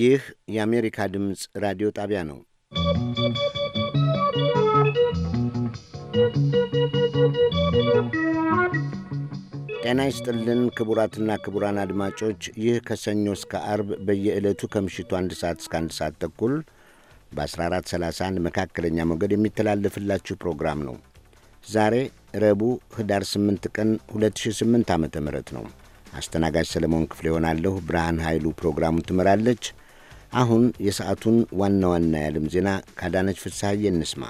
ይህ የአሜሪካ ድምፅ ራዲዮ ጣቢያ ነው። ጤና ይስጥልን ክቡራትና ክቡራን አድማጮች ይህ ከሰኞ እስከ አርብ በየዕለቱ ከምሽቱ አንድ ሰዓት እስከ አንድ ሰዓት ተኩል በ1431 መካከለኛ ሞገድ የሚተላለፍላችሁ ፕሮግራም ነው። ዛሬ ረቡዕ ህዳር 8 ቀን 2008 ዓ ም ነው። አስተናጋጅ ሰለሞን ክፍሌ ይሆናለሁ። ብርሃን ኃይሉ ፕሮግራሙን ትመራለች። አሁን የሰዓቱን ዋና ዋና የዓለም ዜና ካዳነች ፍስሐዬ እንስማ።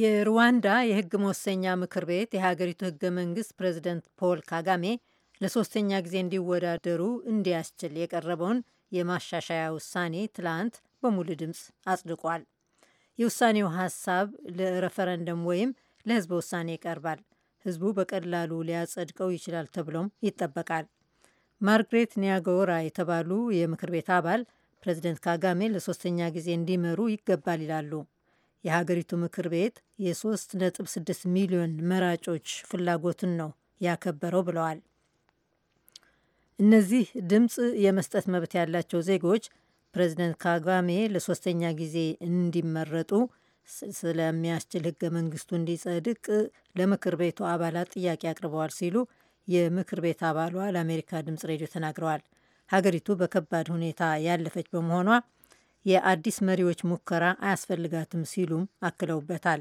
የሩዋንዳ የህግ መወሰኛ ምክር ቤት የሀገሪቱ ህገ መንግስት ፕሬዚደንት ፖል ካጋሜ ለሶስተኛ ጊዜ እንዲወዳደሩ እንዲያስችል የቀረበውን የማሻሻያ ውሳኔ ትላንት በሙሉ ድምፅ አጽድቋል። የውሳኔው ሀሳብ ለረፈረንደም ወይም ለህዝበ ውሳኔ ይቀርባል። ህዝቡ በቀላሉ ሊያጸድቀው ይችላል ተብሎም ይጠበቃል። ማርግሬት ኒያጎራ የተባሉ የምክር ቤት አባል ፕሬዚደንት ካጋሜ ለሶስተኛ ጊዜ እንዲመሩ ይገባል ይላሉ። የሀገሪቱ ምክር ቤት የ3.6 ሚሊዮን መራጮች ፍላጎትን ነው ያከበረው ብለዋል። እነዚህ ድምፅ የመስጠት መብት ያላቸው ዜጎች ፕሬዚደንት ካጋሜ ለሶስተኛ ጊዜ እንዲመረጡ ስለሚያስችል ህገ መንግስቱ እንዲጸድቅ ለምክር ቤቱ አባላት ጥያቄ አቅርበዋል ሲሉ የምክር ቤት አባሏ ለአሜሪካ ድምጽ ሬዲዮ ተናግረዋል። ሀገሪቱ በከባድ ሁኔታ ያለፈች በመሆኗ የአዲስ መሪዎች ሙከራ አያስፈልጋትም ሲሉም አክለውበታል።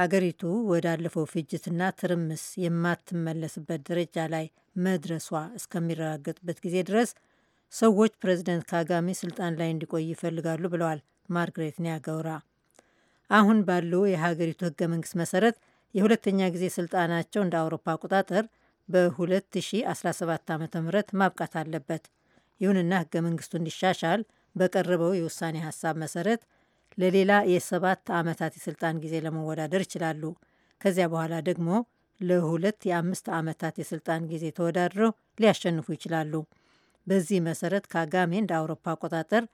ሀገሪቱ ወዳለፈው ፍጅትና ትርምስ የማትመለስበት ደረጃ ላይ መድረሷ እስከሚረጋገጥበት ጊዜ ድረስ ሰዎች ፕሬዚደንት ካጋሜ ስልጣን ላይ እንዲቆይ ይፈልጋሉ ብለዋል ማርግሬት ኒያገውራ። አሁን ባለው የሀገሪቱ ህገ መንግስት መሰረት የሁለተኛ ጊዜ ስልጣናቸው እንደ አውሮፓ አቆጣጠር በ2017 ዓ ም ማብቃት አለበት። ይሁንና ህገ መንግስቱ እንዲሻሻል በቀረበው የውሳኔ ሀሳብ መሰረት ለሌላ የሰባት ዓመታት የስልጣን ጊዜ ለመወዳደር ይችላሉ። ከዚያ በኋላ ደግሞ ለሁለት የአምስት ዓመታት የስልጣን ጊዜ ተወዳድረው ሊያሸንፉ ይችላሉ። በዚህ መሰረት ካጋሜ እንደ አውሮፓ አቆጣጠር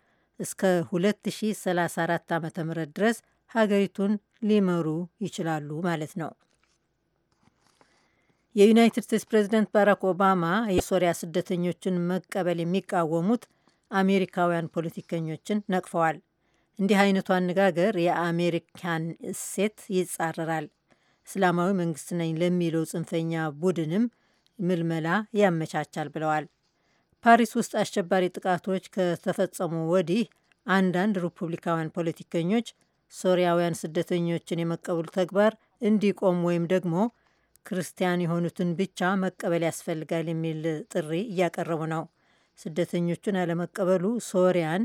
እስከ 2034 ዓ ም ድረስ ሀገሪቱን ሊመሩ ይችላሉ ማለት ነው። የዩናይትድ ስቴትስ ፕሬዚደንት ባራክ ኦባማ የሶሪያ ስደተኞችን መቀበል የሚቃወሙት አሜሪካውያን ፖለቲከኞችን ነቅፈዋል። እንዲህ አይነቱ አነጋገር የአሜሪካን እሴት ይጻረራል፣ እስላማዊ መንግስት ነኝ ለሚለው ጽንፈኛ ቡድንም ምልመላ ያመቻቻል ብለዋል። ፓሪስ ውስጥ አሸባሪ ጥቃቶች ከተፈጸሙ ወዲህ አንዳንድ ሪፑብሊካውያን ፖለቲከኞች ሶሪያውያን ስደተኞችን የመቀበሉ ተግባር እንዲቆም ወይም ደግሞ ክርስቲያን የሆኑትን ብቻ መቀበል ያስፈልጋል የሚል ጥሪ እያቀረቡ ነው። ስደተኞቹን አለመቀበሉ ሶሪያን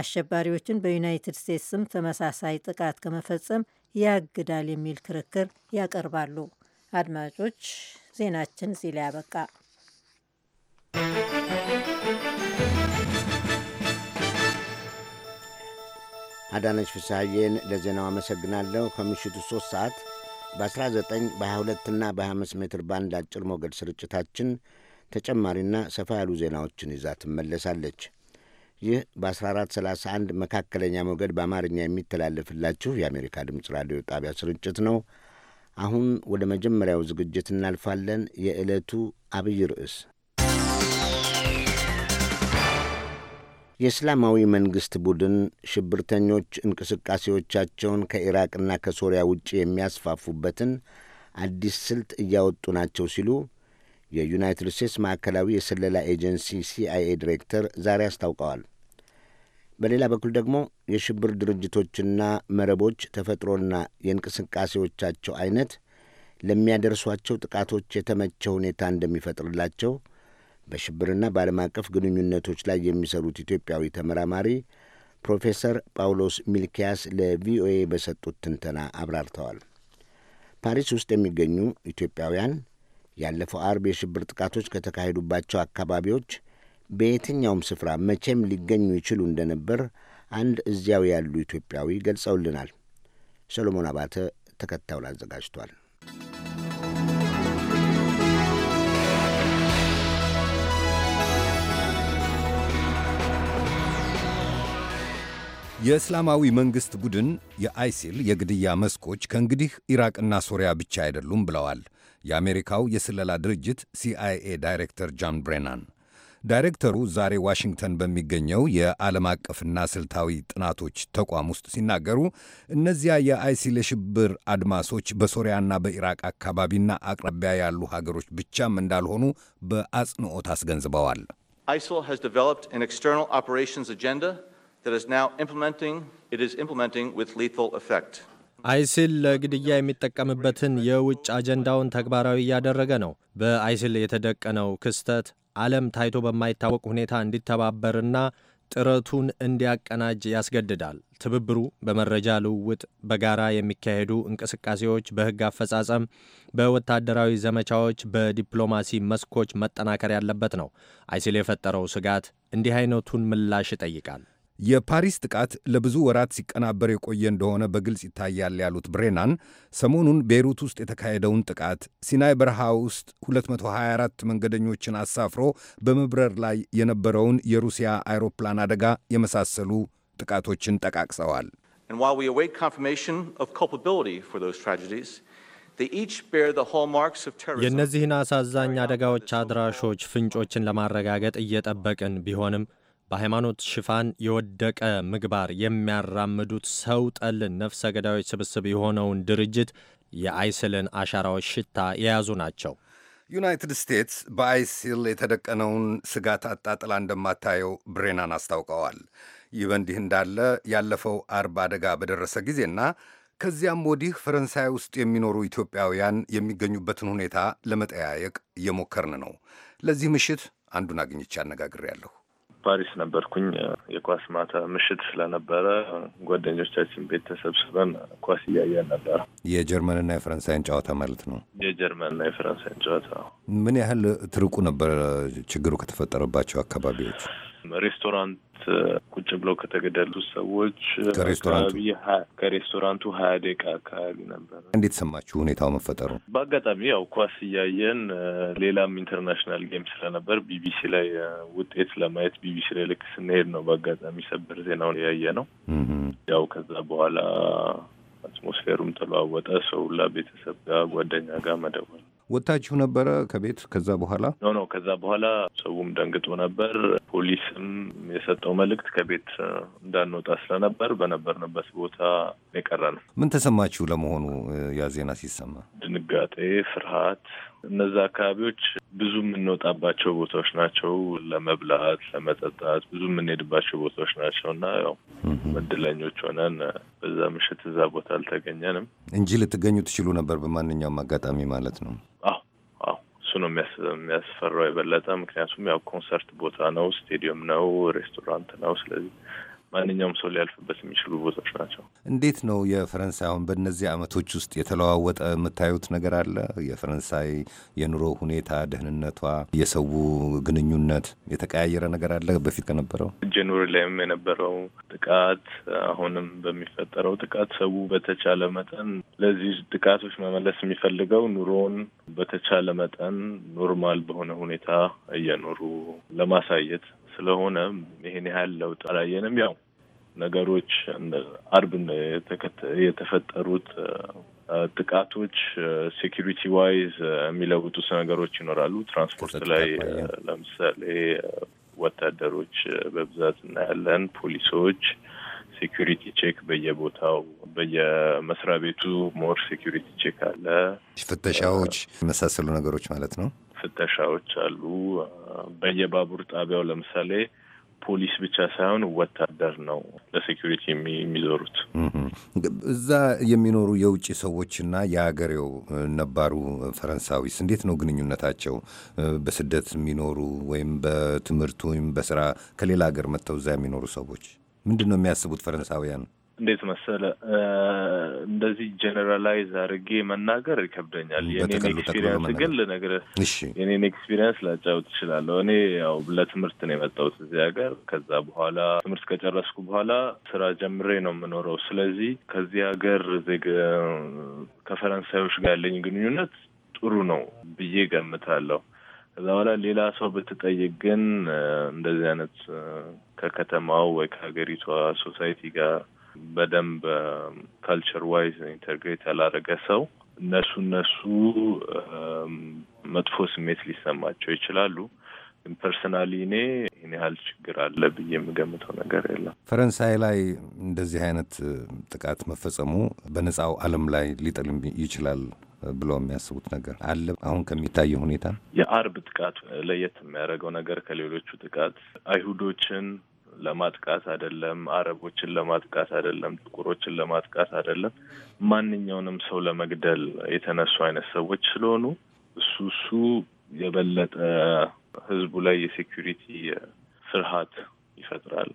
አሸባሪዎችን በዩናይትድ ስቴትስ ስም ተመሳሳይ ጥቃት ከመፈጸም ያግዳል የሚል ክርክር ያቀርባሉ። አድማጮች ዜናችን እዚህ ላይ ያበቃ። አዳነች ፍስሐዬን ለዜናው አመሰግናለሁ። ከምሽቱ ሶስት ሰዓት በ19 በ22ና በ25 ሜትር ባንድ አጭር ሞገድ ስርጭታችን ተጨማሪና ሰፋ ያሉ ዜናዎችን ይዛ ትመለሳለች። ይህ በ1431 መካከለኛ ሞገድ በአማርኛ የሚተላለፍላችሁ የአሜሪካ ድምፅ ራዲዮ ጣቢያ ስርጭት ነው። አሁን ወደ መጀመሪያው ዝግጅት እናልፋለን። የዕለቱ አብይ ርዕስ የእስላማዊ መንግሥት ቡድን ሽብርተኞች እንቅስቃሴዎቻቸውን ከኢራቅና ከሶሪያ ውጭ የሚያስፋፉበትን አዲስ ስልት እያወጡ ናቸው ሲሉ የዩናይትድ ስቴትስ ማዕከላዊ የስለላ ኤጀንሲ ሲአይኤ ዲሬክተር ዛሬ አስታውቀዋል። በሌላ በኩል ደግሞ የሽብር ድርጅቶችና መረቦች ተፈጥሮና የእንቅስቃሴዎቻቸው አይነት ለሚያደርሷቸው ጥቃቶች የተመቸ ሁኔታ እንደሚፈጥርላቸው በሽብርና በዓለም አቀፍ ግንኙነቶች ላይ የሚሰሩት ኢትዮጵያዊ ተመራማሪ ፕሮፌሰር ጳውሎስ ሚልኪያስ ለቪኦኤ በሰጡት ትንተና አብራርተዋል። ፓሪስ ውስጥ የሚገኙ ኢትዮጵያውያን ያለፈው አርብ የሽብር ጥቃቶች ከተካሄዱባቸው አካባቢዎች በየትኛውም ስፍራ መቼም ሊገኙ ይችሉ እንደነበር አንድ እዚያው ያሉ ኢትዮጵያዊ ገልጸውልናል። ሰሎሞን አባተ ተከታዩን አዘጋጅቷል። የእስላማዊ መንግሥት ቡድን የአይሲል የግድያ መስኮች ከእንግዲህ ኢራቅና ሶሪያ ብቻ አይደሉም ብለዋል የአሜሪካው የስለላ ድርጅት ሲአይኤ ዳይሬክተር ጃን ብሬናን። ዳይሬክተሩ ዛሬ ዋሽንግተን በሚገኘው የዓለም አቀፍና ስልታዊ ጥናቶች ተቋም ውስጥ ሲናገሩ እነዚያ የአይሲል የሽብር አድማሶች በሶሪያና በኢራቅ አካባቢና አቅራቢያ ያሉ ሀገሮች ብቻም እንዳልሆኑ በአጽንኦት አስገንዝበዋል። አይሲል that is now implementing, it is implementing with lethal effect. አይሲል ለግድያ የሚጠቀምበትን የውጭ አጀንዳውን ተግባራዊ እያደረገ ነው። በአይሲል የተደቀነው ክስተት ዓለም ታይቶ በማይታወቅ ሁኔታ እንዲተባበርና ጥረቱን እንዲያቀናጅ ያስገድዳል። ትብብሩ በመረጃ ልውውጥ፣ በጋራ የሚካሄዱ እንቅስቃሴዎች፣ በሕግ አፈጻጸም፣ በወታደራዊ ዘመቻዎች፣ በዲፕሎማሲ መስኮች መጠናከር ያለበት ነው። አይሲል የፈጠረው ስጋት እንዲህ አይነቱን ምላሽ ይጠይቃል። የፓሪስ ጥቃት ለብዙ ወራት ሲቀናበር የቆየ እንደሆነ በግልጽ ይታያል ያሉት ብሬናን ሰሞኑን ቤይሩት ውስጥ የተካሄደውን ጥቃት፣ ሲናይ በረሃ ውስጥ 224 መንገደኞችን አሳፍሮ በመብረር ላይ የነበረውን የሩሲያ አይሮፕላን አደጋ የመሳሰሉ ጥቃቶችን ጠቃቅሰዋል። የእነዚህን አሳዛኝ አደጋዎች አድራሾች ፍንጮችን ለማረጋገጥ እየጠበቅን ቢሆንም በሃይማኖት ሽፋን የወደቀ ምግባር የሚያራምዱት ሰው ጠልን ነፍሰ ገዳዮች ስብስብ የሆነውን ድርጅት የአይስልን አሻራዎች ሽታ የያዙ ናቸው። ዩናይትድ ስቴትስ በአይሲል የተደቀነውን ስጋት አጣጥላ እንደማታየው ብሬናን አስታውቀዋል። ይህ በእንዲህ እንዳለ ያለፈው አርብ አደጋ በደረሰ ጊዜና ከዚያም ወዲህ ፈረንሳይ ውስጥ የሚኖሩ ኢትዮጵያውያን የሚገኙበትን ሁኔታ ለመጠያየቅ እየሞከርን ነው። ለዚህ ምሽት አንዱን አግኝቼ አነጋግሬያለሁ። ፓሪስ ነበርኩኝ። የኳስ ማታ ምሽት ስለነበረ ጓደኞቻችን ቤት ተሰብስበን ኳስ እያየን ነበረ። የጀርመንና የፈረንሳይን ጨዋታ ማለት ነው። የጀርመንና የፈረንሳይን ጨዋታ ምን ያህል ትርቁ ነበረ? ችግሩ ከተፈጠረባቸው አካባቢዎች ሬስቶራንት ቁጭ ብለው ከተገደሉት ሰዎች ከሬስቶራንቱ ሀያ ደቂቃ አካባቢ ነበረ። እንዴት ሰማችሁ ሁኔታው መፈጠሩ? በአጋጣሚ ያው ኳስ እያየን ሌላም ኢንተርናሽናል ጌም ስለነበር ቢቢሲ ላይ ውጤት ለማየት ቢቢሲ ላይ ልክ ስንሄድ ነው በአጋጣሚ ሰበር ዜናውን ያየ ነው። ያው ከዛ በኋላ አትሞስፌሩም ተለዋወጠ። ሰው ሁላ ቤተሰብ ጋር ጓደኛ ጋር መደወል ወጥታችሁ ነበረ ከቤት ከዛ በኋላ? ኖ ኖ፣ ከዛ በኋላ ሰውም ደንግጦ ነበር። ፖሊስም የሰጠው መልእክት ከቤት እንዳንወጣ ስለነበር በነበርንበት ቦታ የቀረ ነው። ምን ተሰማችሁ ለመሆኑ ያ ዜና ሲሰማ? ድንጋጤ፣ ፍርሃት እነዛ አካባቢዎች ብዙ የምንወጣባቸው ቦታዎች ናቸው። ለመብላት፣ ለመጠጣት ብዙ የምንሄድባቸው ቦታዎች ናቸው እና ያው እድለኞች ሆነን በዛ ምሽት እዛ ቦታ አልተገኘንም እንጂ ልትገኙ ትችሉ ነበር በማንኛውም አጋጣሚ ማለት ነው። አዎ አዎ፣ እሱ ነው የሚያስፈራው የበለጠ ምክንያቱም ያው ኮንሰርት ቦታ ነው፣ ስቴዲየም ነው፣ ሬስቶራንት ነው። ስለዚህ ማንኛውም ሰው ሊያልፍበት የሚችሉ ቦታዎች ናቸው። እንዴት ነው የፈረንሳይ አሁን በእነዚህ አመቶች ውስጥ የተለዋወጠ የምታዩት ነገር አለ? የፈረንሳይ የኑሮ ሁኔታ፣ ደህንነቷ፣ የሰው ግንኙነት የተቀያየረ ነገር አለ በፊት ከነበረው? ጀንዋሪ ላይም የነበረው ጥቃት፣ አሁንም በሚፈጠረው ጥቃት ሰው በተቻለ መጠን ለዚህ ጥቃቶች መመለስ የሚፈልገው ኑሮውን በተቻለ መጠን ኖርማል በሆነ ሁኔታ እየኖሩ ለማሳየት ስለሆነ ይህን ያህል ለውጥ አላየንም ያው ነገሮች አርብ የተፈጠሩት ጥቃቶች ሴኪሪቲ ዋይዝ የሚለውጡት ነገሮች ይኖራሉ። ትራንስፖርት ላይ ለምሳሌ ወታደሮች በብዛት እናያለን። ፖሊሶች ሴኪሪቲ ቼክ በየቦታው በየመስሪያ ቤቱ ሞር ሴኪሪቲ ቼክ አለ። ፍተሻዎች የመሳሰሉ ነገሮች ማለት ነው። ፍተሻዎች አሉ። በየባቡር ጣቢያው ለምሳሌ ፖሊስ ብቻ ሳይሆን ወታደር ነው ለሴኪሪቲ የሚዞሩት። እዛ የሚኖሩ የውጭ ሰዎችና የሀገሬው ነባሩ ፈረንሳዊስ እንዴት ነው ግንኙነታቸው? በስደት የሚኖሩ ወይም በትምህርት ወይም በስራ ከሌላ ሀገር መጥተው እዛ የሚኖሩ ሰዎች ምንድን ነው የሚያስቡት ፈረንሳውያን? እንዴት መሰለ እንደዚህ ጀነራላይዝ አድርጌ መናገር ይከብደኛል። የኔን ኤክስፒሪየንስ ግን ልነግርህ፣ የኔን ኤክስፒሪንስ ላጫውት እችላለሁ። እኔ ያው ለትምህርት ነው የመጣሁት እዚህ ሀገር። ከዛ በኋላ ትምህርት ከጨረስኩ በኋላ ስራ ጀምሬ ነው የምኖረው። ስለዚህ ከዚህ ሀገር ዜግ ከፈረንሳዮች ጋር ያለኝ ግንኙነት ጥሩ ነው ብዬ ገምታለሁ። ከዛ በኋላ ሌላ ሰው ብትጠይቅ ግን እንደዚህ አይነት ከከተማው ወይ ከሀገሪቷ ሶሳይቲ ጋር በደንብ ካልቸር ዋይዝ ኢንተግሬት ያላረገ ሰው እነሱ እነሱ um, መጥፎ ስሜት ሊሰማቸው ይችላሉ። ፐርሰናሊ እኔ ይህን ያህል ችግር አለ ብዬ የምገምተው ነገር የለም። ፈረንሳይ ላይ እንደዚህ አይነት ጥቃት መፈጸሙ በነፃው ዓለም ላይ ሊጥል ይችላል ብለው የሚያስቡት ነገር አለ። አሁን ከሚታየው ሁኔታ የአርብ ጥቃት ለየት የሚያደርገው ነገር ከሌሎቹ ጥቃት አይሁዶችን ለማጥቃት አይደለም፣ አረቦችን ለማጥቃት አይደለም፣ ጥቁሮችን ለማጥቃት አይደለም፣ ማንኛውንም ሰው ለመግደል የተነሱ አይነት ሰዎች ስለሆኑ እሱ እሱ የበለጠ ህዝቡ ላይ የሴኩሪቲ ፍርሃት ይፈጥራል።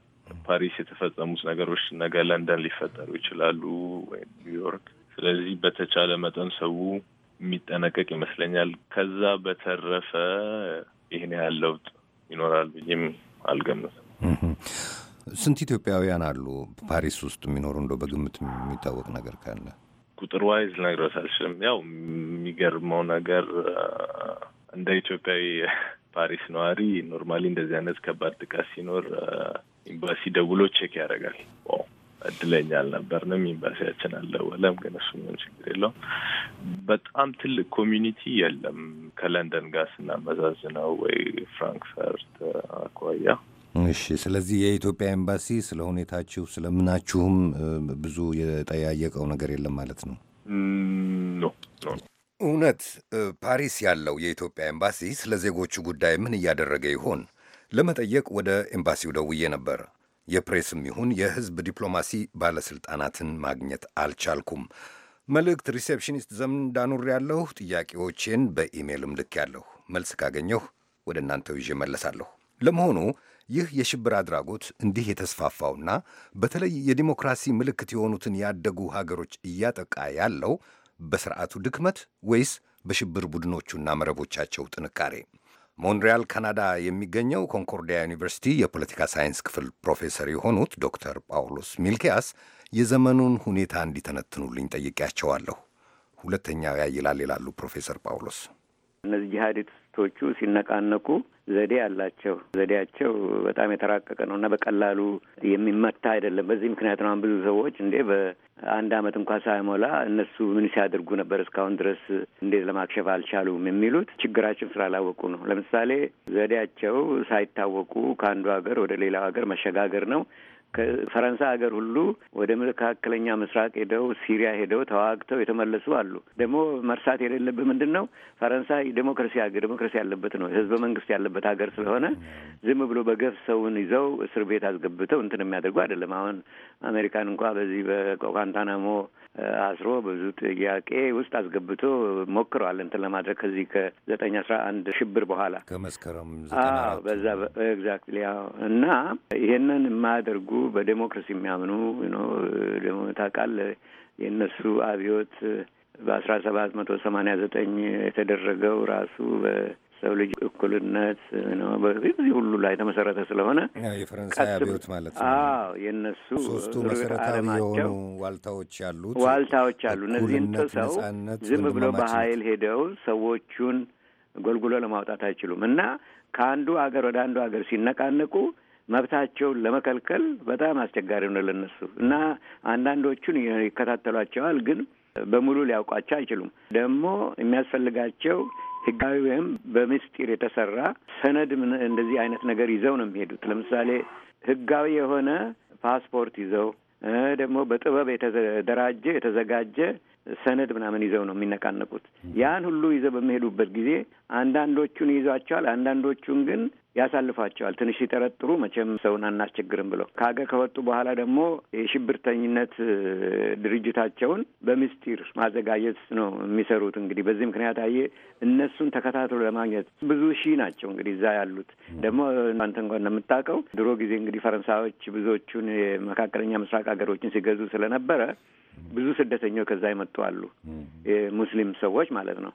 ፓሪስ የተፈጸሙት ነገሮች ነገ ለንደን ሊፈጠሩ ይችላሉ ወይም ኒውዮርክ። ስለዚህ በተቻለ መጠን ሰው የሚጠነቀቅ ይመስለኛል። ከዛ በተረፈ ይህን ያህል ለውጥ ይኖራል ብዬም አልገምትም። ስንት ኢትዮጵያውያን አሉ ፓሪስ ውስጥ የሚኖሩ? እንደው በግምት የሚታወቅ ነገር ካለ ቁጥር ዋይዝ ልነግርዎት አልችልም። ያው የሚገርመው ነገር እንደ ኢትዮጵያዊ ፓሪስ ነዋሪ ኖርማሊ እንደዚህ አይነት ከባድ ጥቃት ሲኖር ኤምባሲ ደውሎ ቼክ ያደርጋል። እድለኛ አልነበርንም፣ ኤምባሲያችን አልደወለም። ግን እሱ ምንም ችግር የለውም። በጣም ትልቅ ኮሚኒቲ የለም ከለንደን ጋር ስናመዛዝነው ወይ ፍራንክፈርት አኳያ እሺ። ስለዚህ የኢትዮጵያ ኤምባሲ ስለ ሁኔታችሁ ስለምናችሁም ብዙ የጠያየቀው ነገር የለም ማለት ነው? ኖ እውነት ፓሪስ ያለው የኢትዮጵያ ኤምባሲ ስለ ዜጎቹ ጉዳይ ምን እያደረገ ይሆን ለመጠየቅ ወደ ኤምባሲው ደውዬ ነበር። የፕሬስም ይሁን የሕዝብ ዲፕሎማሲ ባለሥልጣናትን ማግኘት አልቻልኩም። መልእክት ሪሴፕሽኒስት ዘንድ ያለሁ ጥያቄዎቼን በኢሜይልም ያለሁ መልስ ካገኘሁ ወደ እናንተው ይዤ መለሳለሁ። ለመሆኑ ይህ የሽብር አድራጎት እንዲህ የተስፋፋውና በተለይ የዲሞክራሲ ምልክት የሆኑትን ያደጉ ሀገሮች እያጠቃ ያለው በስርዓቱ ድክመት ወይስ በሽብር ቡድኖቹና መረቦቻቸው ጥንካሬ? ሞንሪያል ካናዳ የሚገኘው ኮንኮርዲያ ዩኒቨርሲቲ የፖለቲካ ሳይንስ ክፍል ፕሮፌሰር የሆኑት ዶክተር ጳውሎስ ሚልኪያስ የዘመኑን ሁኔታ እንዲተነትኑልኝ ጠይቄያቸዋለሁ። ሁለተኛው ያይላል ይላሉ ፕሮፌሰር ጳውሎስ። እነዚህ ጂሃዲስቶቹ ሲነቃነቁ ዘዴ አላቸው። ዘዴያቸው በጣም የተራቀቀ ነው እና በቀላሉ የሚመታ አይደለም። በዚህ ምክንያት ነው ብዙ ሰዎች እንዴ በአንድ አመት እንኳ ሳይሞላ እነሱ ምን ሲያደርጉ ነበር እስካሁን ድረስ እንዴት ለማክሸፍ አልቻሉም የሚሉት ችግራችን ስላላወቁ ነው። ለምሳሌ ዘዴያቸው ሳይታወቁ ከአንዱ ሀገር ወደ ሌላው ሀገር መሸጋገር ነው። ከፈረንሳይ ሀገር ሁሉ ወደ መካከለኛ ምስራቅ ሄደው ሲሪያ ሄደው ተዋግተው የተመለሱ አሉ። ደግሞ መርሳት የሌለብህ ምንድን ነው ፈረንሳይ ዴሞክራሲ ሀገር ዴሞክራሲ ያለበት ነው ህዝበ መንግስት ያለበት ሀገር ስለሆነ ዝም ብሎ በገፍ ሰውን ይዘው እስር ቤት አስገብተው እንትን የሚያደርጉ አይደለም። አሁን አሜሪካን እንኳ በዚህ በጓንታናሞ አስሮ ብዙ ጥያቄ ውስጥ አስገብቶ ሞክረዋል እንትን ለማድረግ ከዚህ ከዘጠኝ አስራ አንድ ሽብር በኋላ ከመስከረም በዛ ኤግዛክትሊ እና ይሄንን የማያደርጉ በዴሞክራሲ የሚያምኑ ደግሞ ታውቃለህ የእነሱ አብዮት በአስራ ሰባት መቶ ሰማኒያ ዘጠኝ የተደረገው ራሱ ሰው ልጅ እኩልነት ነው በዚህ ሁሉ ላይ ተመሰረተ ስለሆነ የፈረንሳይ አብዮት ማለት ነው። አዎ የእነሱ ሶስቱ መሰረታዊ የሆኑ ዋልታዎች ያሉት ዋልታዎች አሉ። እነዚህን ጥሰው ዝም ብሎ በኃይል ሄደው ሰዎቹን ጎልጉሎ ለማውጣት አይችሉም እና ከአንዱ ሀገር ወደ አንዱ ሀገር ሲነቃነቁ መብታቸውን ለመከልከል በጣም አስቸጋሪ ነው ለነሱ እና አንዳንዶቹን ይከታተሏቸዋል ግን በሙሉ ሊያውቋቸው አይችሉም። ደግሞ የሚያስፈልጋቸው ህጋዊ ወይም በምስጢር የተሰራ ሰነድ እንደዚህ አይነት ነገር ይዘው ነው የሚሄዱት። ለምሳሌ ህጋዊ የሆነ ፓስፖርት ይዘው ደግሞ በጥበብ የተደራጀ የተዘጋጀ ሰነድ ምናምን ይዘው ነው የሚነቃነቁት። ያን ሁሉ ይዘው በሚሄዱበት ጊዜ አንዳንዶቹን ይዟቸዋል፣ አንዳንዶቹን ግን ያሳልፋቸዋል። ትንሽ ሲጠረጥሩ መቼም ሰውን አናስቸግርም ብለው ከሀገር ከወጡ በኋላ ደግሞ የሽብርተኝነት ድርጅታቸውን በምስጢር ማዘጋጀት ነው የሚሰሩት። እንግዲህ በዚህ ምክንያት አየ እነሱን ተከታትሎ ለማግኘት ብዙ ሺህ ናቸው እንግዲህ እዛ ያሉት ደግሞ አንተ እንኳ እንደምታውቀው ድሮ ጊዜ እንግዲህ ፈረንሳዮች ብዙዎቹን የመካከለኛ ምስራቅ ሀገሮችን ሲገዙ ስለነበረ ብዙ ስደተኞች ከዛ ይመጡ አሉ፣ የሙስሊም ሰዎች ማለት ነው።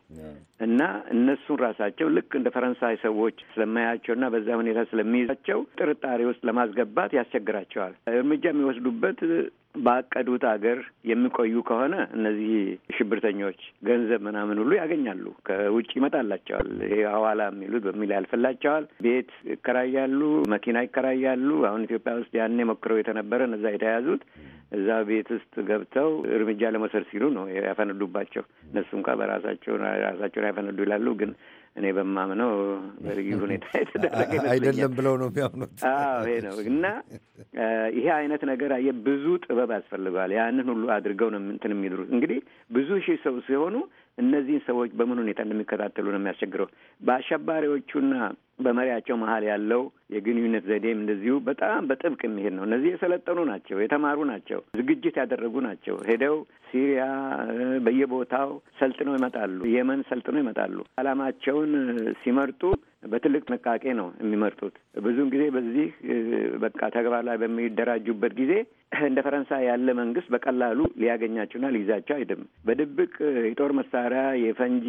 እና እነሱን ራሳቸው ልክ እንደ ፈረንሳይ ሰዎች ስለማያቸው እና በዛ ሁኔታ ስለሚይዛቸው ጥርጣሬ ውስጥ ለማስገባት ያስቸግራቸዋል። እርምጃ የሚወስዱበት ባቀዱት አገር የሚቆዩ ከሆነ እነዚህ ሽብርተኞች ገንዘብ ምናምን ሁሉ ያገኛሉ። ከውጭ ይመጣላቸዋል። ይሄ የሚሉት በሚል ያልፈላቸዋል። ቤት ይከራያሉ፣ መኪና ይከራያሉ። አሁን ኢትዮጵያ ውስጥ ያኔ ሞክረው የተነበረ እነዛ የተያዙት እዛ ቤት ውስጥ ገብተው እርምጃ ለመውሰድ ሲሉ ነው ያፈነዱባቸው። እነሱ እንኳ በራሳቸው ራሳቸውን ያፈነዱ ይላሉ ግን እኔ በማምነው በልዩ ሁኔታ የተደረገ አይደለም ብለው ነው የሚያምኑት። አዎ ይሄ ነው እና ይሄ አይነት ነገር ብዙ ጥበብ ያስፈልገዋል። ያንን ሁሉ አድርገው ነው እንትን የሚድሩት። እንግዲህ ብዙ ሺህ ሰው ሲሆኑ እነዚህን ሰዎች በምን ሁኔታ እንደሚከታተሉ ነው የሚያስቸግረው። በአሸባሪዎቹና በመሪያቸው መሀል ያለው የግንኙነት ዘዴም እንደዚሁ በጣም በጥብቅ የሚሄድ ነው። እነዚህ የሰለጠኑ ናቸው፣ የተማሩ ናቸው፣ ዝግጅት ያደረጉ ናቸው። ሄደው ሲሪያ በየቦታው ሰልጥነው ይመጣሉ፣ የመን ሰልጥነው ይመጣሉ። አላማቸውን ሲመርጡ በትልቅ ጥንቃቄ ነው የሚመርጡት። ብዙን ጊዜ በዚህ በቃ ተግባር ላይ በሚደራጁበት ጊዜ እንደ ፈረንሳይ ያለ መንግስት በቀላሉ ሊያገኛቸውና ሊይዛቸው አይደም። በድብቅ የጦር መሳሪያ፣ የፈንጂ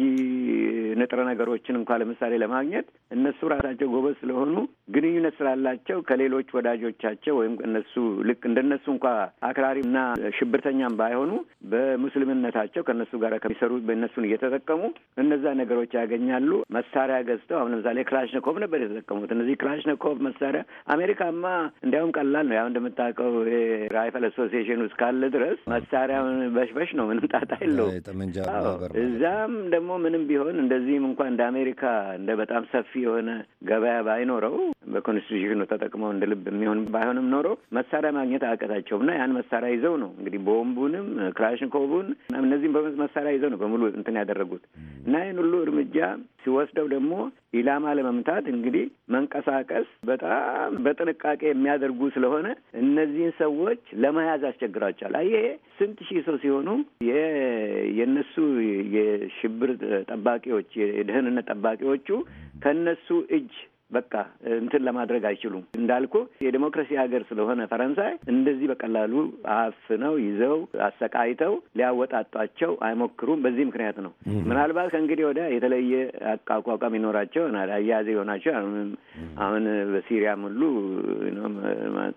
ንጥረ ነገሮችን እንኳ ለምሳሌ ለማግኘት እነሱ ራሳቸው ጎበዝ ስለሆኑ ግንኙነት ስላላቸው ከሌሎች ወዳጆቻቸው ወይም እነሱ ልክ እንደነሱ እንኳ አክራሪና ሽብርተኛም ባይሆኑ በሙስልምነታቸው ከእነሱ ጋር ከሚሰሩ በእነሱን እየተጠቀሙ እነዛ ነገሮች ያገኛሉ። መሳሪያ ገዝተው አሁን ለምሳሌ ክላሽነኮቭ ነበር የተጠቀሙት። እነዚህ ክላሽነኮቭ መሳሪያ አሜሪካማ እንዲያውም ቀላል ነው። ያው እንደምታውቀው ራይፈል አሶሲሽን ውስጥ ካለ ድረስ መሳሪያውን በሽበሽ ነው፣ ምንም ጣጣ የለውም። እዛም ደግሞ ምንም ቢሆን እንደዚህም እንኳን እንደ አሜሪካ እንደ በጣም ሰፊ የሆነ ገበያ ባይኖረው በኮንስቲቱሽኑ ተጠቅመው እንደ ልብ የሚሆን ባይሆንም ኖሮ መሳሪያ ማግኘት አያቀታቸውም እና ያን መሳሪያ ይዘው ነው እንግዲህ ቦምቡንም ክላሽንኮቡን እነዚህም በመስ መሳሪያ ይዘው ነው በሙሉ እንትን ያደረጉት እና ይህን ሁሉ እርምጃ ሲወስደው ደግሞ ኢላማ ለመምታት እንግዲህ መንቀሳቀስ በጣም በጥንቃቄ የሚያደርጉ ስለሆነ እነዚህን ሰዎች ሰዎች ለመያዝ ያስቸግራቸዋል። አየ ስንት ሺህ ሰው ሲሆኑ የእነሱ የሽብር ጠባቂዎች የደህንነት ጠባቂዎቹ ከእነሱ እጅ በቃ እንትን ለማድረግ አይችሉም። እንዳልኩ የዴሞክራሲ ሀገር ስለሆነ ፈረንሳይ እንደዚህ በቀላሉ አፍነው ይዘው አሰቃይተው ሊያወጣጧቸው አይሞክሩም። በዚህ ምክንያት ነው። ምናልባት ከእንግዲህ ወዲያ የተለየ አቋቋም ይኖራቸው ይሆናል፣ አያያዘ ይሆናቸው። አሁን በሲሪያም ሁሉ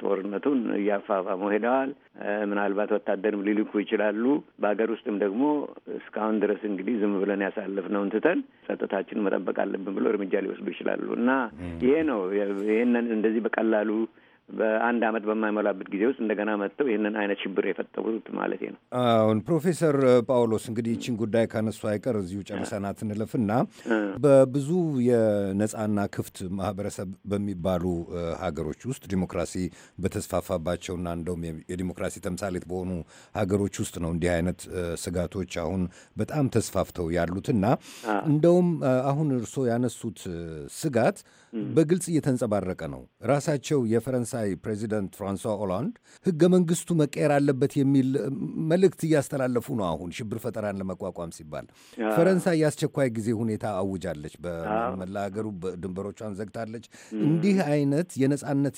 ጦርነቱን እያፋፋሙ ሄደዋል። ምናልባት ወታደርም ሊልኩ ይችላሉ። በሀገር ውስጥም ደግሞ እስካሁን ድረስ እንግዲህ ዝም ብለን ያሳለፍነውን ትተን ጸጥታችን መጠበቅ አለብን ብሎ እርምጃ ሊወስዱ ይችላሉ እና ይሄ ነው ይህንን እንደዚህ በቀላሉ በአንድ አመት በማይሞላበት ጊዜ ውስጥ እንደገና መጥተው ይህንን አይነት ሽብር የፈጠሩት ማለት ነው። አሁን ፕሮፌሰር ጳውሎስ እንግዲህ ይችን ጉዳይ ካነሱ አይቀር እዚሁ ጨርሰናት እንለፍና በብዙ የነጻና ክፍት ማህበረሰብ በሚባሉ ሀገሮች ውስጥ ዲሞክራሲ በተስፋፋባቸውና እንደውም የዲሞክራሲ ተምሳሌት በሆኑ ሀገሮች ውስጥ ነው እንዲህ አይነት ስጋቶች አሁን በጣም ተስፋፍተው ያሉትና እንደውም አሁን እርስዎ ያነሱት ስጋት በግልጽ እየተንጸባረቀ ነው። ራሳቸው የፈረንሳ የፈረንሳይ ፕሬዚደንት ፍራንሷ ኦላንድ ህገ መንግስቱ መቀየር አለበት የሚል መልእክት እያስተላለፉ ነው። አሁን ሽብር ፈጠራን ለመቋቋም ሲባል ፈረንሳይ የአስቸኳይ ጊዜ ሁኔታ አውጃለች። በመላ ሀገሩ ድንበሮቿን ዘግታለች። እንዲህ አይነት የነጻነት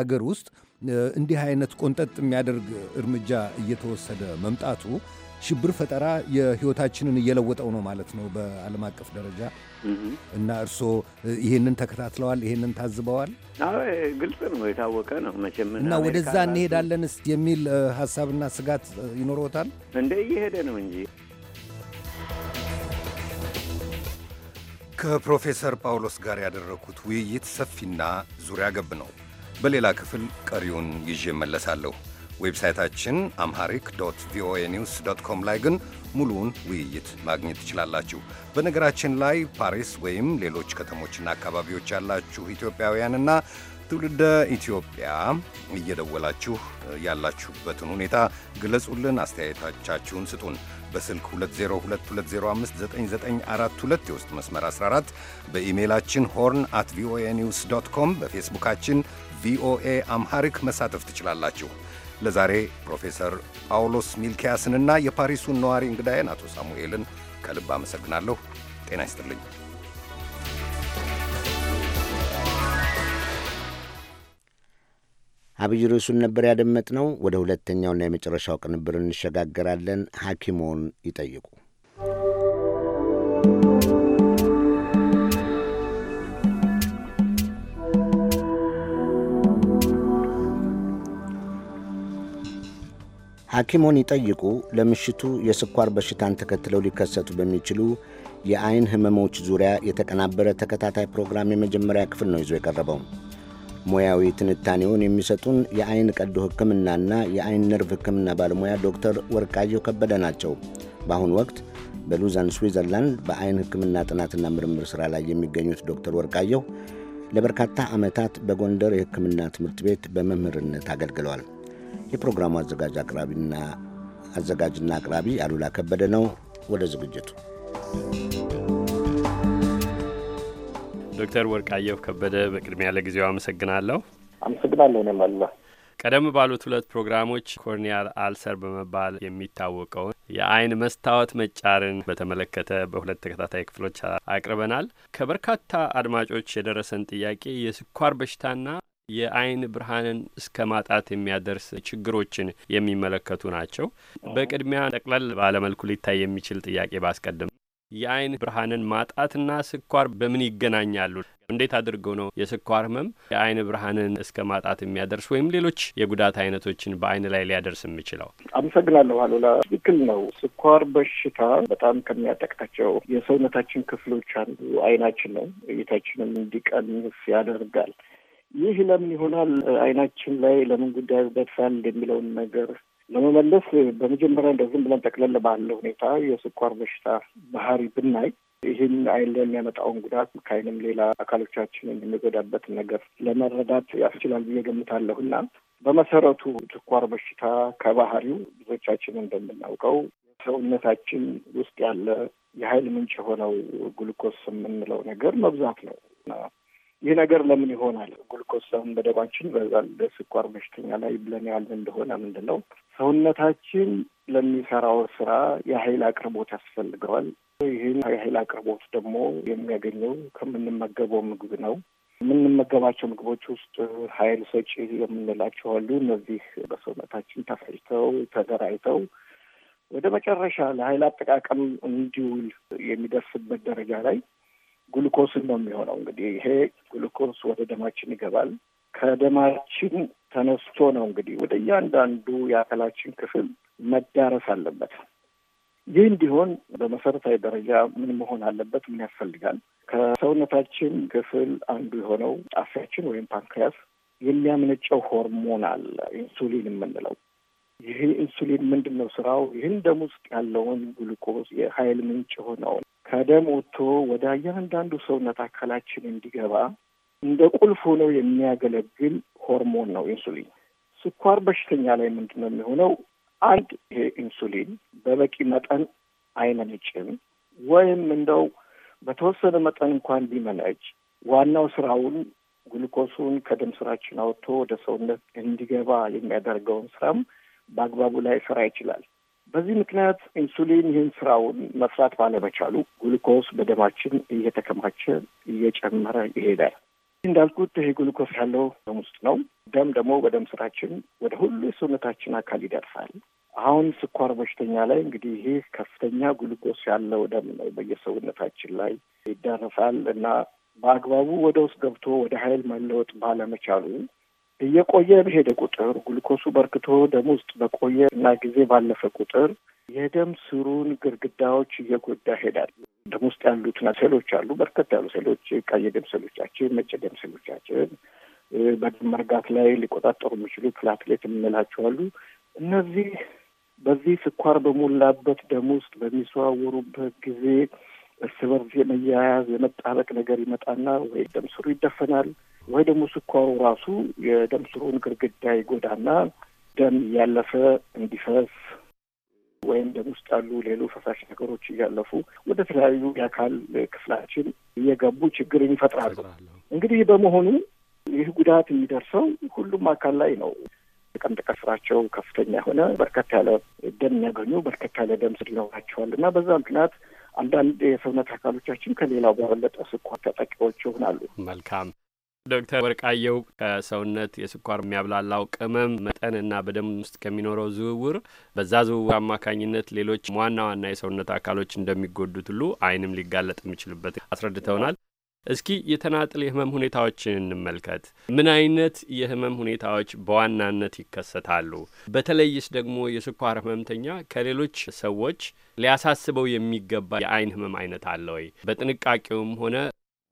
ሀገር ውስጥ እንዲህ አይነት ቆንጠጥ የሚያደርግ እርምጃ እየተወሰደ መምጣቱ ሽብር ፈጠራ የህይወታችንን እየለወጠው ነው ማለት ነው በዓለም አቀፍ ደረጃ እና እርስዎ ይሄንን ተከታትለዋል፣ ይሄንን ታዝበዋል። ግልጽ ነው፣ የታወቀ ነው መቼም እና ወደዛ እንሄዳለንስ የሚል ሀሳብና ስጋት ይኖሮታል እንደ እየሄደ ነው እንጂ ከፕሮፌሰር ጳውሎስ ጋር ያደረግኩት ውይይት ሰፊና ዙሪያ ገብ ነው። በሌላ ክፍል ቀሪውን ይዤ እመለሳለሁ። ዌብሳይታችን አምሃሪክ ዶት ቪኦኤ ኒውስ ዶት ኮም ላይ ግን ሙሉውን ውይይት ማግኘት ትችላላችሁ። በነገራችን ላይ ፓሪስ ወይም ሌሎች ከተሞችና አካባቢዎች ያላችሁ ኢትዮጵያውያንና ትውልደ ኢትዮጵያ እየደወላችሁ ያላችሁበትን ሁኔታ ግለጹልን፣ አስተያየቶቻችሁን ስጡን። በስልክ 2022059942 የውስጥ መስመር 14 በኢሜይላችን ሆርን አት ቪኦኤ ኒውስ ዶት ኮም በፌስቡካችን ቪኦኤ አምሃሪክ መሳተፍ ትችላላችሁ። ለዛሬ ፕሮፌሰር ጳውሎስ ሚልኪያስንና የፓሪሱን ነዋሪ እንግዳዬን አቶ ሳሙኤልን ከልብ አመሰግናለሁ። ጤና ይስጥልኝ። አብይ ርዕሱን ነበር ያደመጥነው። ወደ ሁለተኛውና የመጨረሻው ቅንብር እንሸጋገራለን። ሐኪሞን ይጠይቁ ሐኪሞን ይጠይቁ ለምሽቱ የስኳር በሽታን ተከትለው ሊከሰቱ በሚችሉ የአይን ህመሞች ዙሪያ የተቀናበረ ተከታታይ ፕሮግራም የመጀመሪያ ክፍል ነው ይዞ የቀረበው። ሙያዊ ትንታኔውን የሚሰጡን የአይን ቀዶ ሕክምናና የአይን ነርቭ ሕክምና ባለሙያ ዶክተር ወርቃየው ከበደ ናቸው። በአሁኑ ወቅት በሉዛን ስዊዘርላንድ በአይን ሕክምና ጥናትና ምርምር ሥራ ላይ የሚገኙት ዶክተር ወርቃየው ለበርካታ ዓመታት በጎንደር የሕክምና ትምህርት ቤት በመምህርነት አገልግለዋል። የፕሮግራሙ አዘጋጅ አቅራቢና አዘጋጅና አቅራቢ አሉላ ከበደ ነው። ወደ ዝግጅቱ ዶክተር ወርቃየሁ ከበደ በቅድሚያ ለጊዜው አመሰግናለሁ። አመሰግናለሁ እኔም አሉላ። ቀደም ባሉት ሁለት ፕሮግራሞች ኮርኒያል አልሰር በመባል የሚታወቀውን የአይን መስታወት መጫርን በተመለከተ በሁለት ተከታታይ ክፍሎች አቅርበናል። ከበርካታ አድማጮች የደረሰን ጥያቄ የስኳር በሽታና የአይን ብርሃንን እስከ ማጣት የሚያደርስ ችግሮችን የሚመለከቱ ናቸው። በቅድሚያ ጠቅለል ባለመልኩ ሊታይ የሚችል ጥያቄ ባስቀድም የአይን ብርሃንን ማጣትና ስኳር በምን ይገናኛሉ? እንዴት አድርገው ነው የስኳር ህመም የአይን ብርሃንን እስከ ማጣት የሚያደርስ ወይም ሌሎች የጉዳት አይነቶችን በአይን ላይ ሊያደርስ የሚችለው? አመሰግናለሁ አሉላ። ትክክል ነው። ስኳር በሽታ በጣም ከሚያጠቅታቸው የሰውነታችን ክፍሎች አንዱ አይናችን ነው። እይታችንም እንዲቀንስ ያደርጋል። ይህ ለምን ይሆናል፣ አይናችን ላይ ለምን ጉዳዩ ደርሳል የሚለውን ነገር ለመመለስ በመጀመሪያ እንደው ዝም ብለን ጠቅለል ባለ ሁኔታ የስኳር በሽታ ባህሪ ብናይ ይህን አይን ላይ የሚያመጣውን ጉዳት ከአይንም ሌላ አካሎቻችንን የሚጎዳበት ነገር ለመረዳት ያስችላል ብዬ ገምታለሁ እና በመሰረቱ ስኳር በሽታ ከባህሪው ብዙዎቻችን እንደምናውቀው ሰውነታችን ውስጥ ያለ የኃይል ምንጭ የሆነው ግሉኮስ የምንለው ነገር መብዛት ነው ይህ ነገር ለምን ይሆናል? ጉልኮስ በደባችን በዛ በስኳር በሽተኛ ላይ ብለን ያል እንደሆነ ምንድን ነው ሰውነታችን ለሚሰራው ስራ የኃይል አቅርቦት ያስፈልገዋል። ይህን የኃይል አቅርቦት ደግሞ የሚያገኘው ከምንመገበው ምግብ ነው። የምንመገባቸው ምግቦች ውስጥ ኃይል ሰጪ የምንላቸው አሉ። እነዚህ በሰውነታችን ተፈጭተው ተደራጅተው ወደ መጨረሻ ለኃይል አጠቃቀም እንዲውል የሚደርስበት ደረጃ ላይ ግሉኮስን ነው የሚሆነው። እንግዲህ ይሄ ግሉኮስ ወደ ደማችን ይገባል። ከደማችን ተነስቶ ነው እንግዲህ ወደ እያንዳንዱ የአካላችን ክፍል መዳረስ አለበት። ይህ እንዲሆን በመሰረታዊ ደረጃ ምን መሆን አለበት? ምን ያስፈልጋል? ከሰውነታችን ክፍል አንዱ የሆነው ጣፊያችን ወይም ፓንክሪያስ የሚያምነጨው ሆርሞን አለ፣ ኢንሱሊን የምንለው ይህ ኢንሱሊን ምንድን ነው ስራው? ይህን ደም ውስጥ ያለውን ግሉኮስ የኃይል ምንጭ የሆነውን ከደም ወጥቶ ወደ እያንዳንዱ ሰውነት አካላችን እንዲገባ እንደ ቁልፍ ሆኖ የሚያገለግል ሆርሞን ነው ኢንሱሊን። ስኳር በሽተኛ ላይ ምንድን ነው የሚሆነው? አንድ ይሄ ኢንሱሊን በበቂ መጠን አይመነጭም፣ ወይም እንደው በተወሰነ መጠን እንኳን ቢመነጭ ዋናው ስራውን ግሉኮሱን ከደም ስራችን አውጥቶ ወደ ሰውነት እንዲገባ የሚያደርገውን ስራም በአግባቡ ላይ ስራ ይችላል። በዚህ ምክንያት ኢንሱሊን ይህን ስራውን መስራት ባለመቻሉ ግሉኮስ በደማችን እየተከማቸ እየጨመረ ይሄዳል። እንዳልኩት ይሄ ግሉኮስ ያለው ደም ውስጥ ነው። ደም ደግሞ በደም ስራችን ወደ ሁሉ የሰውነታችን አካል ይደርሳል። አሁን ስኳር በሽተኛ ላይ እንግዲህ ይህ ከፍተኛ ግሉኮስ ያለው ደም ነው በየሰውነታችን ላይ ይደረሳል እና በአግባቡ ወደ ውስጥ ገብቶ ወደ ኃይል መለወጥ ባለመቻሉ እየቆየ በሄደ ቁጥር ግሉኮሱ በርክቶ ደም ውስጥ በቆየ እና ጊዜ ባለፈ ቁጥር የደም ስሩን ግድግዳዎች እየጎዳ ሄዳል። ደም ውስጥ ያሉት ሴሎች አሉ፣ በርከት ያሉ ሴሎች፣ ቀይ ደም ሴሎቻችን፣ ነጭ ደም ሴሎቻችን፣ በደም መርጋት ላይ ሊቆጣጠሩ የሚችሉ ፕላትሌት የምንላቸው አሉ። እነዚህ በዚህ ስኳር በሞላበት ደም ውስጥ በሚዘዋወሩበት ጊዜ እርስ በርስ የመያያዝ የመጣበቅ ነገር ይመጣና ወይ ደም ስሩ ይደፈናል ወይ ደግሞ ስኳሩ ራሱ የደም ስሩን ግድግዳ ይጎዳና ደም እያለፈ እንዲፈስ ወይም ደም ውስጥ ያሉ ሌሎ ፈሳሽ ነገሮች እያለፉ ወደ ተለያዩ የአካል ክፍላችን እየገቡ ችግርን ይፈጥራሉ። እንግዲህ በመሆኑ ይህ ጉዳት የሚደርሰው ሁሉም አካል ላይ ነው። ጥቀም ጥቀት ስራቸው ከፍተኛ የሆነ በርከት ያለ ደም የሚያገኙ በርከት ያለ ደም ስር ይኖራቸዋል እና በዛ ምክንያት አንዳንድ የሰውነት አካሎቻችን ከሌላው በበለጠ ስኳር ተጠቂዎች ይሆናሉ። መልካም ዶክተር ወርቃየው ከሰውነት የስኳር የሚያብላላው ቅመም መጠንና በደም ውስጥ ከሚኖረው ዝውውር በዛ ዝውውር አማካኝነት ሌሎች ዋና ዋና የሰውነት አካሎች እንደሚጎዱት ሁሉ አይንም ሊጋለጥ የሚችልበት አስረድተውናል። እስኪ የተናጥል የህመም ሁኔታዎችን እንመልከት። ምን አይነት የህመም ሁኔታዎች በዋናነት ይከሰታሉ? በተለይስ ደግሞ የስኳር ህመምተኛ ከሌሎች ሰዎች ሊያሳስበው የሚገባ የአይን ህመም አይነት አለ ወይ? በጥንቃቄውም ሆነ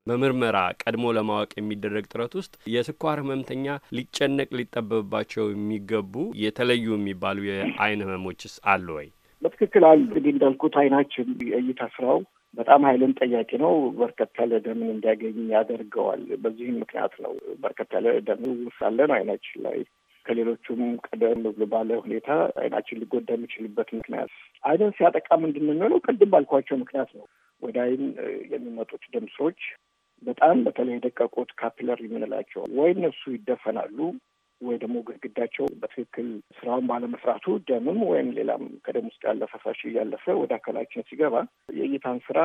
በምርመራ ቀድሞ ለማወቅ የሚደረግ ጥረት ውስጥ የስኳር ህመምተኛ ሊጨነቅ ሊጠበብባቸው የሚገቡ የተለዩ የሚባሉ የአይን ህመሞችስ አሉ ወይ? በትክክል አሉ። እንግዲህ እንዳልኩት አይናችን እይታ ስራው በጣም ኃይልን ጠያቂ ነው። በርከት ያለ ደምን እንዲያገኝ ያደርገዋል። በዚህም ምክንያት ነው በርከት ያለ ደም ውሳለን አይናችን ላይ ከሌሎቹም ቀደም ብሎ ባለ ሁኔታ አይናችን ሊጎዳ የሚችልበት ምክንያት አይንን ሲያጠቃ ምንድን ነው ቅድም ባልኳቸው ምክንያት ነው ወደ አይን የሚመጡት ደም ስሮች በጣም በተለይ የደቀቁት ካፒለር የምንላቸው ወይ እነሱ ይደፈናሉ ወይ ደግሞ ግድግዳቸው በትክክል ስራውን ባለመስራቱ ደምም ወይም ሌላም ከደም ውስጥ ያለ ፈሳሽ እያለፈ ወደ አካላችን ሲገባ የእይታን ስራ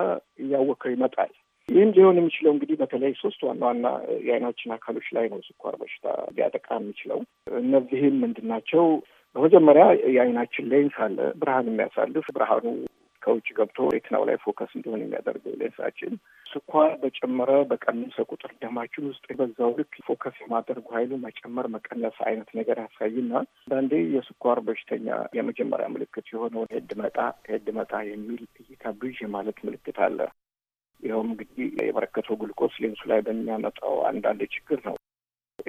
እያወከው ይመጣል። ይህም ሊሆን የሚችለው እንግዲህ በተለይ ሶስት ዋና ዋና የአይናችን አካሎች ላይ ነው ስኳር በሽታ ሊያጠቃ የሚችለው። እነዚህም ምንድን ናቸው? በመጀመሪያ የአይናችን ሌንስ አለ፣ ብርሃን የሚያሳልፍ ብርሃኑ ከውጭ ገብቶ ሬቲናው ላይ ፎከስ እንዲሆን የሚያደርገው ሌንሳችን ስኳር በጨመረ በቀነሰ ቁጥር ደማችን ውስጥ በዛው ልክ ፎከስ የማደርጉ ኃይሉ መጨመር መቀነስ አይነት ነገር ያሳይና አንዳንዴ የስኳር በሽተኛ የመጀመሪያ ምልክት የሆነውን ሄድ መጣ ሄድ መጣ የሚል እይታ ብዥ ማለት ምልክት አለ። ይኸውም እንግዲህ የበረከተው ግልቆስ ሌንሱ ላይ በሚያመጣው አንዳንድ ችግር ነው።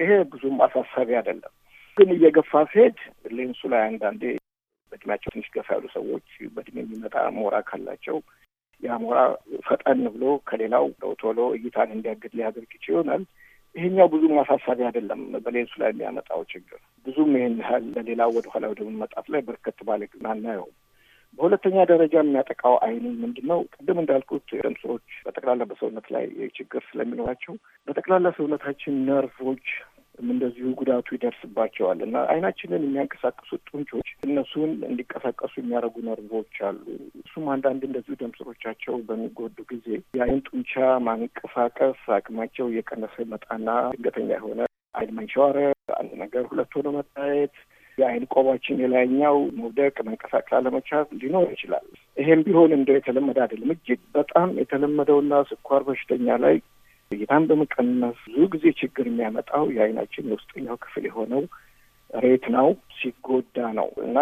ይሄ ብዙም አሳሳቢ አይደለም፣ ግን እየገፋ ሲሄድ ሌንሱ ላይ አንዳንዴ በእድሜያቸው ትንሽ ገፋ ያሉ ሰዎች በእድሜ የሚመጣ ሞራ ካላቸው ያ ሞራ ፈጠን ብሎ ከሌላው ቶሎ እይታን እንዲያግድ ሊያደርግ ይችል ይሆናል። ይሄኛው ብዙ ማሳሳቢ አይደለም። በሌንሱ ላይ የሚያመጣው ችግር ብዙም ይህን ያህል ለሌላው ወደኋላ ወደመመጣት ላይ በርከት ባለ አናየውም። በሁለተኛ ደረጃ የሚያጠቃው አይን ምንድን ነው? ቅድም እንዳልኩት ደም ስሮች በጠቅላላ በሰውነት ላይ ችግር ስለሚኖራቸው በጠቅላላ ሰውነታችን ነርቮች እንደዚሁ ጉዳቱ ይደርስባቸዋል እና አይናችንን የሚያንቀሳቀሱ ጡንቾች እነሱን እንዲቀሳቀሱ የሚያደርጉ ነርቮች አሉ። እሱም አንዳንድ እንደዚሁ ደም ስሮቻቸው በሚጎዱ ጊዜ የአይን ጡንቻ ማንቀሳቀስ አቅማቸው የቀነሰ መጣና ድንገተኛ የሆነ አይን መንሸዋረር፣ አንድ ነገር ሁለት ሆኖ መታየት፣ የአይን ቆባችን የላይኛው መውደቅ፣ መንቀሳቀስ አለመቻት ሊኖር ይችላል። ይሄም ቢሆን እንደው የተለመደ አይደለም። እጅግ በጣም የተለመደውና ስኳር በሽተኛ ላይ እይታን በመቀነስ ብዙ ጊዜ ችግር የሚያመጣው የአይናችን የውስጠኛው ክፍል የሆነው ነው ሲጎዳ ነው እና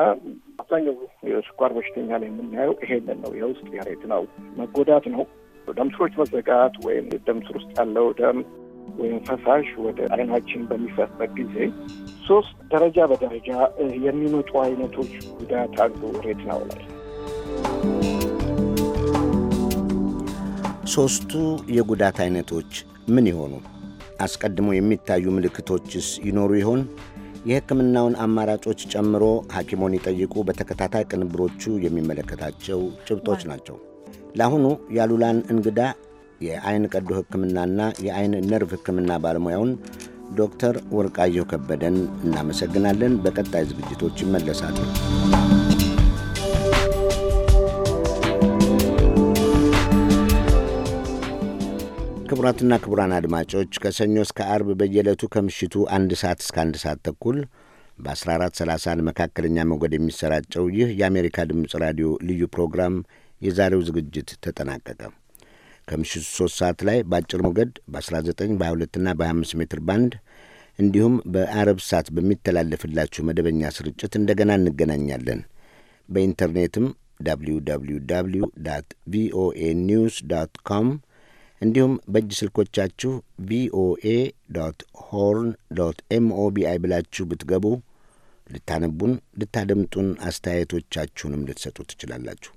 አብዛኛው የስኳር በሽተኛ ላይ የምናየው ይሄንን ነው። የውስጥ ነው መጎዳት ነው። ደምስሮች መዘጋት ወይም ደምስር ውስጥ ያለው ደም ወይም ፈሳሽ ወደ አይናችን በሚፈስበት ጊዜ ሶስት ደረጃ በደረጃ የሚመጡ አይነቶች ጉዳት አሉ ነው ላይ ሦስቱ የጉዳት አይነቶች ምን ይሆኑ? አስቀድሞ የሚታዩ ምልክቶችስ ይኖሩ ይሆን? የሕክምናውን አማራጮች ጨምሮ ሐኪሞን ይጠይቁ በተከታታይ ቅንብሮቹ የሚመለከታቸው ጭብጦች ናቸው። ለአሁኑ ያሉላን እንግዳ የአይን ቀዶ ሕክምናና የአይን ነርቭ ሕክምና ባለሙያውን ዶክተር ወርቃየሁ ከበደን እናመሰግናለን። በቀጣይ ዝግጅቶች ይመለሳሉ። ክቡራትና ክቡራን አድማጮች ከሰኞ እስከ አርብ በየዕለቱ ከምሽቱ አንድ ሰዓት እስከ አንድ ሰዓት ተኩል በ1431 መካከለኛ ሞገድ የሚሰራጨው ይህ የአሜሪካ ድምፅ ራዲዮ ልዩ ፕሮግራም የዛሬው ዝግጅት ተጠናቀቀ። ከምሽቱ 3 ሰዓት ላይ በአጭር ሞገድ በ19 በ22ና በ25 ሜትር ባንድ እንዲሁም በአረብ ሰዓት በሚተላለፍላችሁ መደበኛ ስርጭት እንደገና እንገናኛለን። በኢንተርኔትም www ቪኦኤ ኒውስ ዶት ኮም እንዲሁም በእጅ ስልኮቻችሁ ቪኦኤ ዶት ሆርን ዶት ኤምኦቢአይ ብላችሁ ብትገቡ ልታነቡን፣ ልታደምጡን፣ አስተያየቶቻችሁንም ልትሰጡ ትችላላችሁ።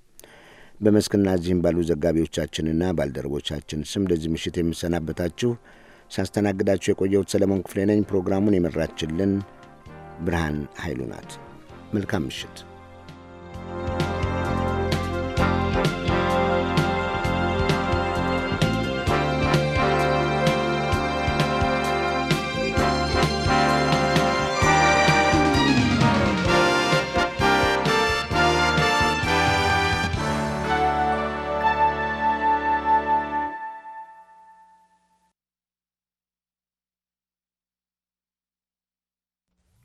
በመስክና እዚህም ባሉ ዘጋቢዎቻችንና ባልደረቦቻችን ስም ለዚህ ምሽት የምሰናበታችሁ ሳስተናግዳችሁ የቆየሁት ሰለሞን ክፍሌ ነኝ። ፕሮግራሙን የመራችልን ብርሃን ኃይሉ ናት። መልካም ምሽት።